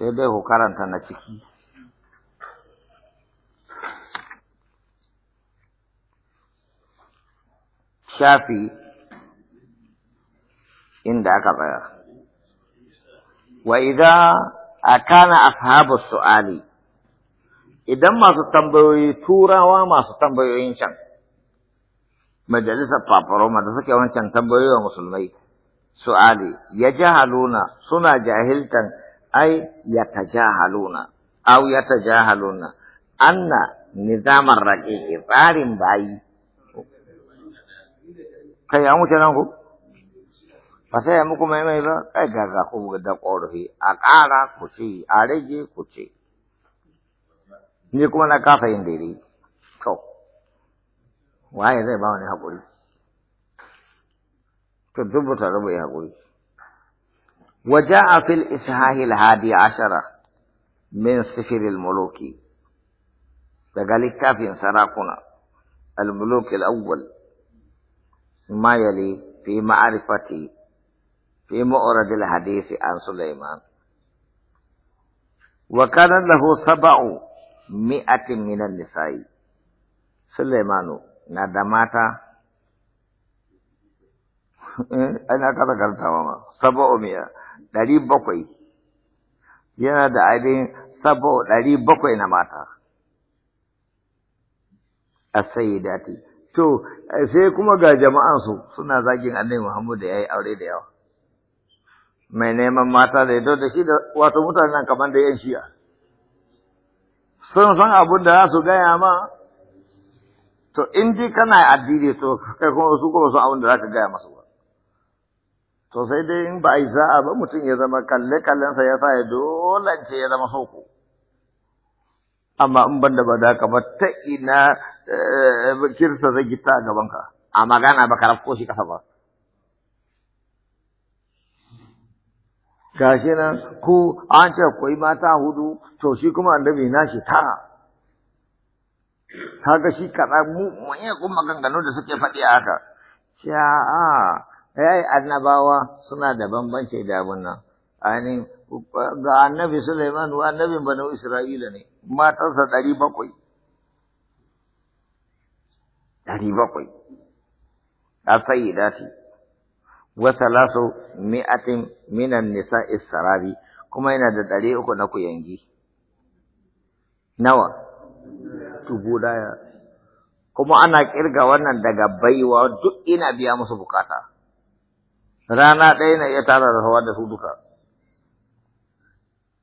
sai dai ku na ciki shafi inda aka tsaya wa idan akana ashabu su'ali idan masu tambayoyi turawa masu tambayoyin can majalisar fafaroma da suke wancan tambayoyi wa musulmai su'ali ya jahaluna suna jahiltan ai yatajahaluna aw yatajahaluna anna nizaman raƙiƙi tsarin bayi kai ya wuce nan ku ba sai ya muku mai mai ba kai ga ku da ƙorafi a ƙara ku ce a rage ku ce ni kuma na kafa yin daidai to waye zai ba wani hakuri to dubuta rubu ya hakuri. وجاء في الإسهاه الهادي عشرة من سفر الملوك فقال كافي سراقنا الملوك الأول ما يلي في معرفة في مؤرد الحديث عن سليمان وكان له سبع مئة من النساء سليمان ندمات أنا كذا قلتها سبع مئة ɗari bakwai yana da ainihin sabo ɗari bakwai na mata a sai dati to sai kuma ga jama'ansu suna zagin annabi Muhammad ya yi aure da yawa mai neman mata da ya da shi da wato mutanen kamar da yan shi'a sun san abin da za su gaya ma to in kana addini to kai kuma su kuma su abin da za ka gaya masu ba to sai dai in ba a yi za'a ba mutum ya zama kalle kallensa ya sa ya dolance ya zama soko amma in banda ba da ba ta ina eh, kirsa zai gita a gabanka a magana ba ka ko shi kasa ba gashi nan ku an ce koi mata hudu to shi kuma annabi na shi Ta kaga shi kaza mu mun yi kuma maganganu da suke faɗi a haka ya a ai annabawa suna da bambanci da abin nan ainihin ga annabi Sulaiman wa annabin banu Isra'ila ne matarsa ɗari bakwai ɗari bakwai a sayi dafi wa salasu mi'atin minan nisa sarari kuma yana da ɗari uku na kuyangi nawa dubu daya kuma ana kirga wannan daga baiwa duk ina biya musu bukata rana ɗaya na iya tara da hawa da su duka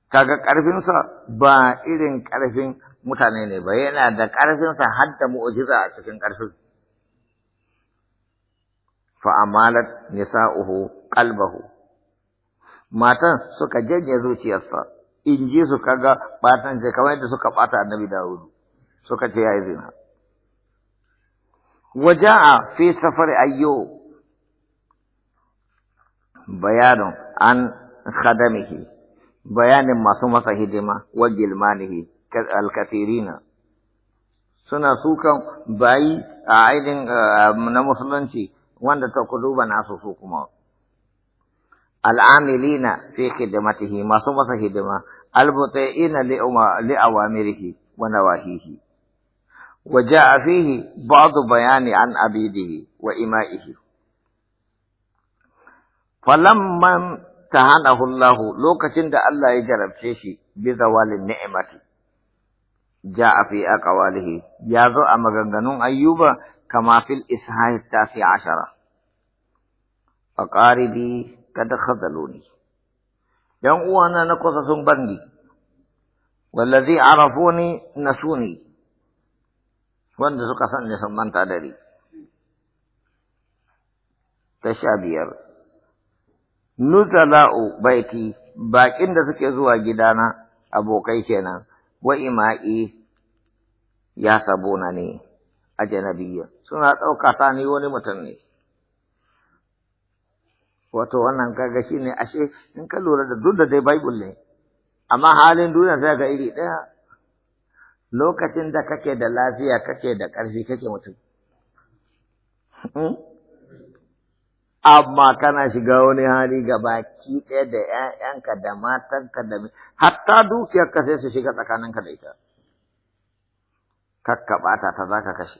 kaga ƙarfinsa ba irin ƙarfin mutane ne ba yana da ƙarfinsa har da a cikin ƙarfin fa amalat nisa'uhu qalbahu matan suka janye zuciyarsa in ji su kaga batan je kamar yadda suka bata annabi Dawud suka ce ya yi zina waja'a fi safar ayyo bayanin an khadamihi bayanin masu masa hidima wa gilmanihi alkatirina suna sukan bayi a aidin na musulunci wanda ta kuduba nasu su kuma al'amilina fi khidmatihi masu masa hidima albutai'ina li awamirihi wa nawahihi وجاء فيه بعض بيان عن عبيده وإمائه فلمن تهانه الله لو كتند الله يجرب شيشي بزوال النعمة جاء في أقواله يا ذو أمغنغنون أيوب كما في الإسحاء التاسع عشر أقاربي قد خذلوني يوم أنا نقص سنبني والذي عرفوني نسوني وانت سكسن يسمان تدري تشابير nuzala'u baiti baƙin da suke zuwa gidana abokai kenan wa ima'i ya sabona ne ajanabiyya suna ɗauka ta ni wani mutum ne wato wannan kaga shine ashe in ka lura da duk da dai bible ne amma halin duniya sai ga iri ɗaya lokacin da kake da lafiya kake da ƙarfi kake mutum hmm? amma kana shiga wani hali gaba baki ɗaya da ‘ya'yanka da matanka da hatta dukiyarka sai su shiga tsakaninka da ita. Kakkaɓa ta ta za ka kashe.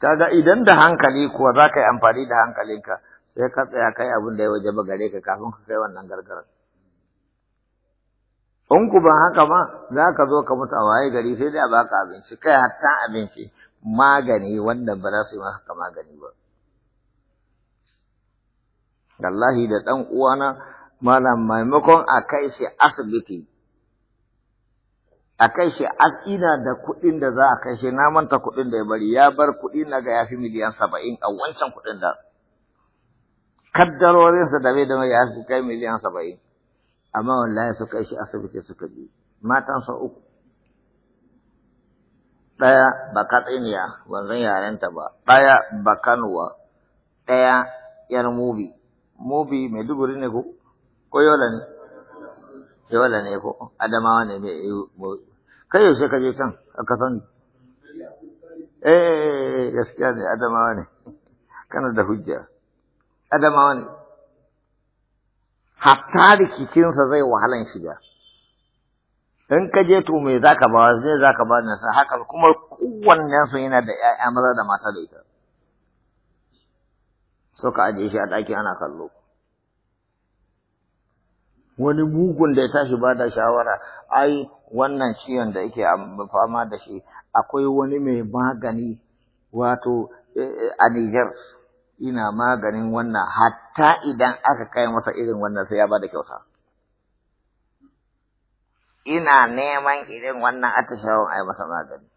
Kaga idan da hankali kuwa za ka yi amfani da hankalinka sai ka tsaya kai abin da ya waje ba gare ka kafin ka kai wannan gargarar. In ku ba haka ma za ka zo ka mutu a waye gari sai dai a baka abinci kai hatta abinci magani wanda ba za su yi masa magani ba wallahi da ɗan uwana malam maimakon a kai shi asibiti a kai shi asina da kuɗin da za a kai shi na manta kuɗin da ya bari ya bar kuɗi na ga ya fi miliyan saba'in a wancan kuɗin da kaddarorinsa da bai da mai ya fi kai miliyan saba'in amma wallahi su kai shi asibiti suka Matan matansa uku ɗaya ba katsiniya ban san yarenta ba ɗaya ba kanuwa ɗaya yar mubi mubi mai duburi ne ko ko yola ne yola ne ko adamawa ne mai kai yaushe ka je can aka sani eh gaskiya eh, eh, eh, ne adamawa ne kana da hujja adamawa ne hatta rikicinsa zai wahalan shiga in ka je to me za ka ba zai za ka ba nasa haka kuma kowannen su yana da ‘ya'ya maza da mata da ita so ka aje shi a ɗaki ana kallo wani mugun da ya tashi ba da shawara ai wannan ciwon da yake fama da shi akwai wani mai magani wato eh, eh, a Nijar ina maganin wannan hatta idan aka kai masa irin wannan sai ya ba da kyauta ina neman irin wannan atishawan ai masa magani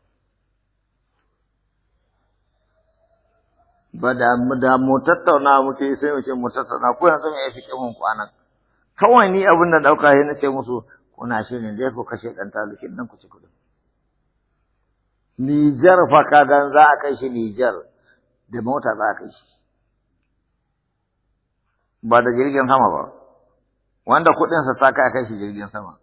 ba da da mu tattauna muke sai mu ce mu tattauna ko yanzu me yake mun kwanan kawai ni abin da dauka sai ce musu kuna shirin dai ku kashe dan talukin nan ku ci kudin Nijar fa dan za a kai shi Nijar da mota za a kai shi ba da jirgin sama ba wanda kudin sa a kai shi jirgin sama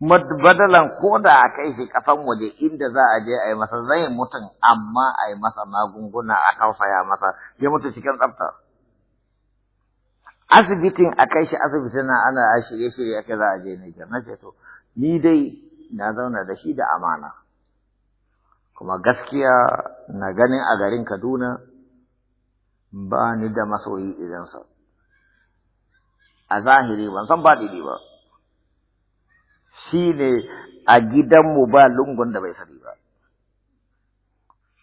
madbadalan ko da a kai shi kafan waje inda za a je a yi masa zai mutum amma a yi masa magunguna a tausaya masa ya mutu cikin tsafta asibitin a kai shi asibiti na ana a shirye shirye ake za a je ne na ce to ni dai na zauna da shi da amana kuma gaskiya na ganin a garin kaduna ba ni da masoyi idansa. a zahiri ban san ba ba shi ne a gidanmu ba lungun da bai sani ba.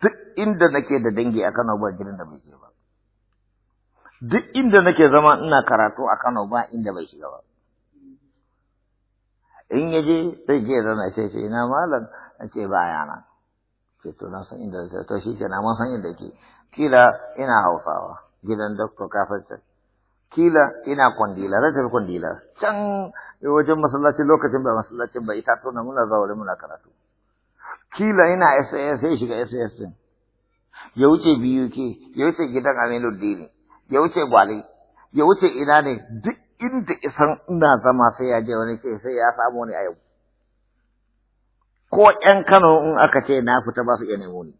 Duk inda nake da dangi a Kano ba gidan da bai ba. Duk inda nake zama ina karatu a Kano ba inda bai shiga ba. In ya je zai je zana ce ce ina malam na ce ba yana. Ce to na san inda zai to shi ke na san inda ke. Kila ina Hausawa gidan doktor Kafar Kila ina kwandila, rajar kwandila, can sai eh, wajen masallaci lokacin ba masallacin ba ita tona muna zaure muna karatu kila ina SAS sai shiga SAS din ya wuce BUK ya wuce gidan aminu dini, ya wuce Gwale ya wuce ina ne duk inda isan ina zama sai ya je wani ce sai ya samu ni a yau ko ƴan Kano in aka ce na fita ba su iya nemo ni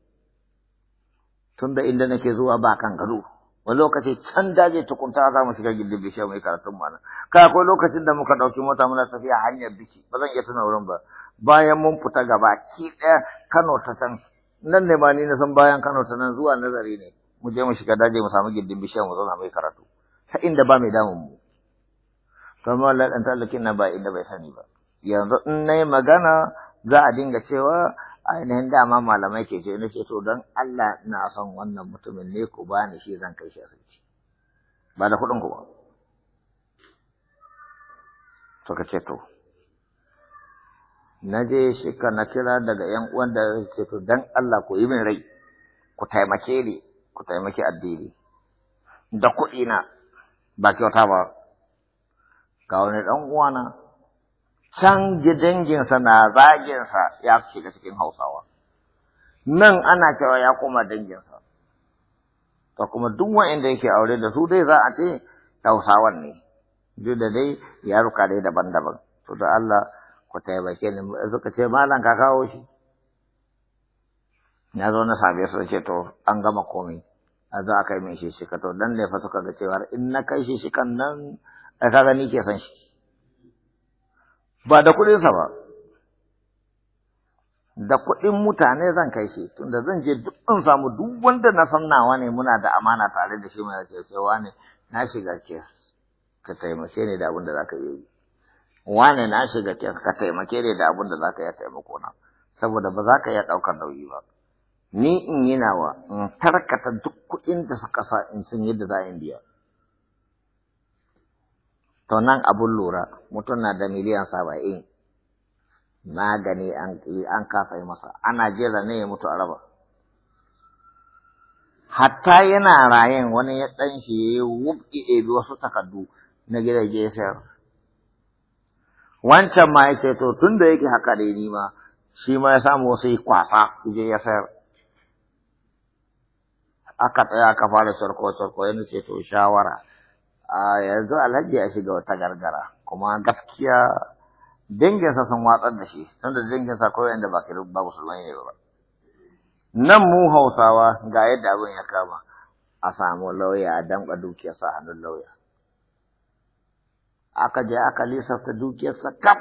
tunda inda nake zuwa ba kan gado wani lokaci can daji tukunta za mu shiga gindin bishiya mai karatun mana kai akwai lokacin da muka ɗauki mota muna tafiya hanyar biki ba zan iya tuna wurin ba bayan mun fita gaba ki daya Kano ta can nan ne ma ni na san bayan Kano ta nan zuwa nazari ne mu je mu shiga daji mu samu gindin bishiya mu zauna mai karatu ta inda ba mai damun mu to amma Allah dan tallakin na ba inda bai sani ba yanzu in nayi magana za a dinga cewa ainihin dama malamai ke ce na ce to don Allah na son wannan mutumin ne ku ba ni shi zan kai shi asibiti ba da kuɗin ku ba to ka ce to na je shi ka na kira daga yan uwan da ce to don Allah ku yi min rai ku taimake ni ku taimake addini da kuɗi na ba kyauta ba ga wani ɗan uwana can gidanginsa na zaginsa ya shiga cikin hausawa nan ana cewa ya koma danginsa to kuma duk wa'inda yake aure da su dai za a ce hausawan ne duk da dai ruka dai daban-daban to da Allah ku taimake ni suka ce malam ka kawo shi na zo na same su ce to an gama komai a za a kai mai shi to dan ne suka ga cewa in na kai shi kan nan ka ni ke san shi ba da kuɗinsa ba da kuɗin mutane zan kai shi tunda zan je duk in samu duk wanda na san nawa ne muna da amana tare da shi mai cewa ne na shiga kes ka taimake ni da abin zaka yi wane na shiga kes ka taimake ni da abin da zaka yi taimako na saboda ba za ka iya ɗaukar nauyi ba ni in yi nawa in tarkata duk kuɗin da suka sa in sun yadda za in biya To nan abun lura, mutum na da miliyan saba'in, magani an kasa yi masa, ana jera ne ya mutu a raba. Hatta yana rayen wani ya ya yi ya wubɗi ɗebi wasu takardu na gidaje sayar. Wancan ma ya to tun da yake haka da ni ma, shi ma ya samu wasu yi kwasa, ije ya sayar. aka tsaya aka fara sarko sarko yana ce to shawara a yanzu alhaji ya shiga wata gargara kuma gaskiya sa sun watsar da shi tunda danginsa ko yanda ba ba musulmai ne ba nan mu hausawa ga yadda abin ya kama a samu lauya a damƙa dukiyarsa a hannun lauya aka je aka lisafta dukiyarsa kaf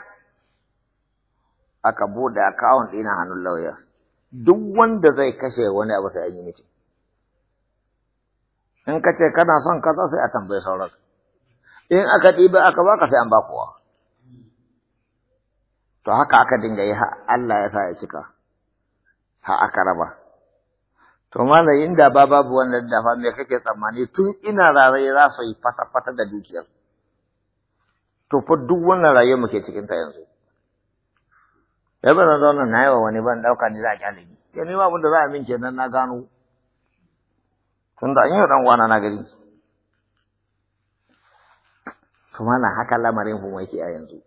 aka bude akawun ɗina hannun lauya duk wanda zai kashe wani abu sai an yi mutum in ka ce kana son kaza sai a tambayi sauran in aka ɗiba aka ba ka sai an ba kowa to haka aka dinga yi Allah ya sa ya cika ha aka raba to malai inda ba babu wannan dafa me kake tsammani tun ina rarai za su yi fata-fata da dukiyar to fa duk wannan rayuwar muke cikin ta yanzu ya bana na na yawa wani ban dauka ni za a kyale ni ke nema abin da za a min kenan na gano tunda an yi dan uwana na gari kuma na haka lamarin mu yake a yanzu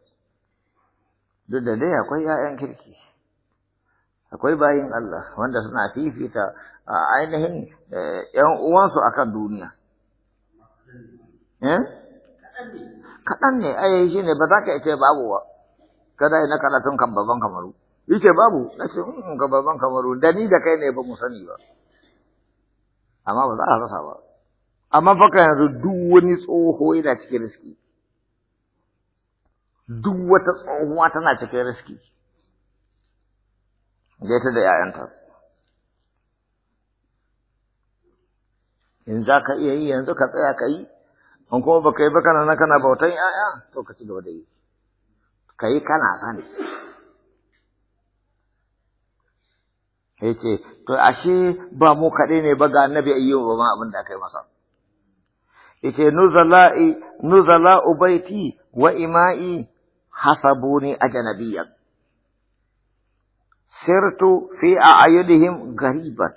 duk da dai akwai 'ya'yan kirki akwai bayin Allah wanda suna fifita a ainihin ‘yan eh, uwansu a kan duniya. Eh? Kaɗan ne, ayayi shi ne ba za ka ce babu ba, kada na karatun kan baban kamaru. Yake babu, na ce, babban mm, baban kamaru, da ni da kai ne ba mu sani ba. amma ba za a rasa ba amma faka yanzu duk wani tsoho yana cikin riski duk wata tsohuwa tana cikin riski gaita da 'ya'yanta in za ka iya yi yanzu ka tsaya ka yi in kuma ka yi ba kana na kana bautan 'ya'ya to ka ci gaba da yi ka yi kana sani yace to ashe ba mu kaɗai ne ba ga annabi ayyuba ma abin da aka yi masa yace nuzala'i nuzala ubaiti wa ima'i hasabuni ajnabiyyan sirtu fi a'yunihim gariban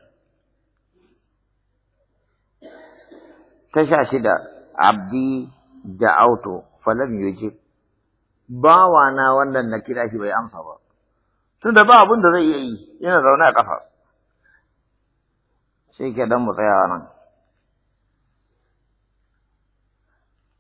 tasha shida abdi da auto falam yujib bawana wannan na kira shi bai amsa ba tunda ba abin da zai iya yi yana zaune a kafa sai ke dan mu tsaya nan